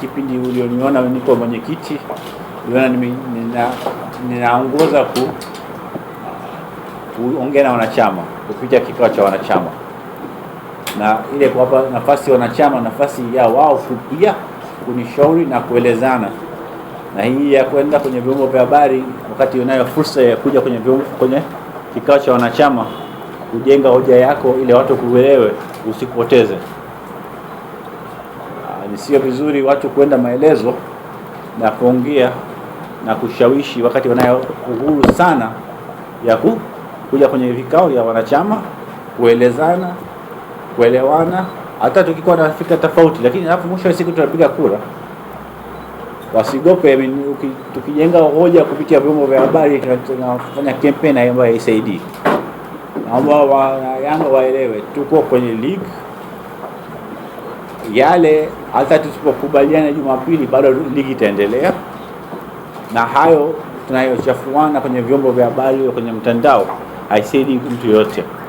kipindi ulioniona niko mwenyekiti, uliona ninaongoza ku kuongea na wanachama kupitia kikao cha wanachama na ile kuwapa nafasi wanachama nafasi ya wao kupia kunishauri na kuelezana, na hii ya kwenda kwenye vyombo vya habari wakati unayo fursa ya kuja kwenye vyombo, kwenye kikao cha wanachama kujenga hoja yako, ile watu kuelewe, usipoteze ni sio vizuri watu kuenda maelezo na kuongea na kushawishi wakati wanayo uhuru sana ya ku, kuja kwenye vikao vya wanachama kuelezana, kuelewana, hata tukikuwa na fikra tofauti, lakini alafu mwisho wa siku tunapiga kura. Wasigope, tukijenga hoja kupitia vyombo vya habari tunafanya kampeni ambayo haisaidii. Naomba Wanayanga waelewe tuko kwenye league yale, hata tusipokubaliana Jumapili bado ligi itaendelea, na hayo tunayochafuana kwenye vyombo vya habari, kwenye mtandao, haisaidi mtu yoyote.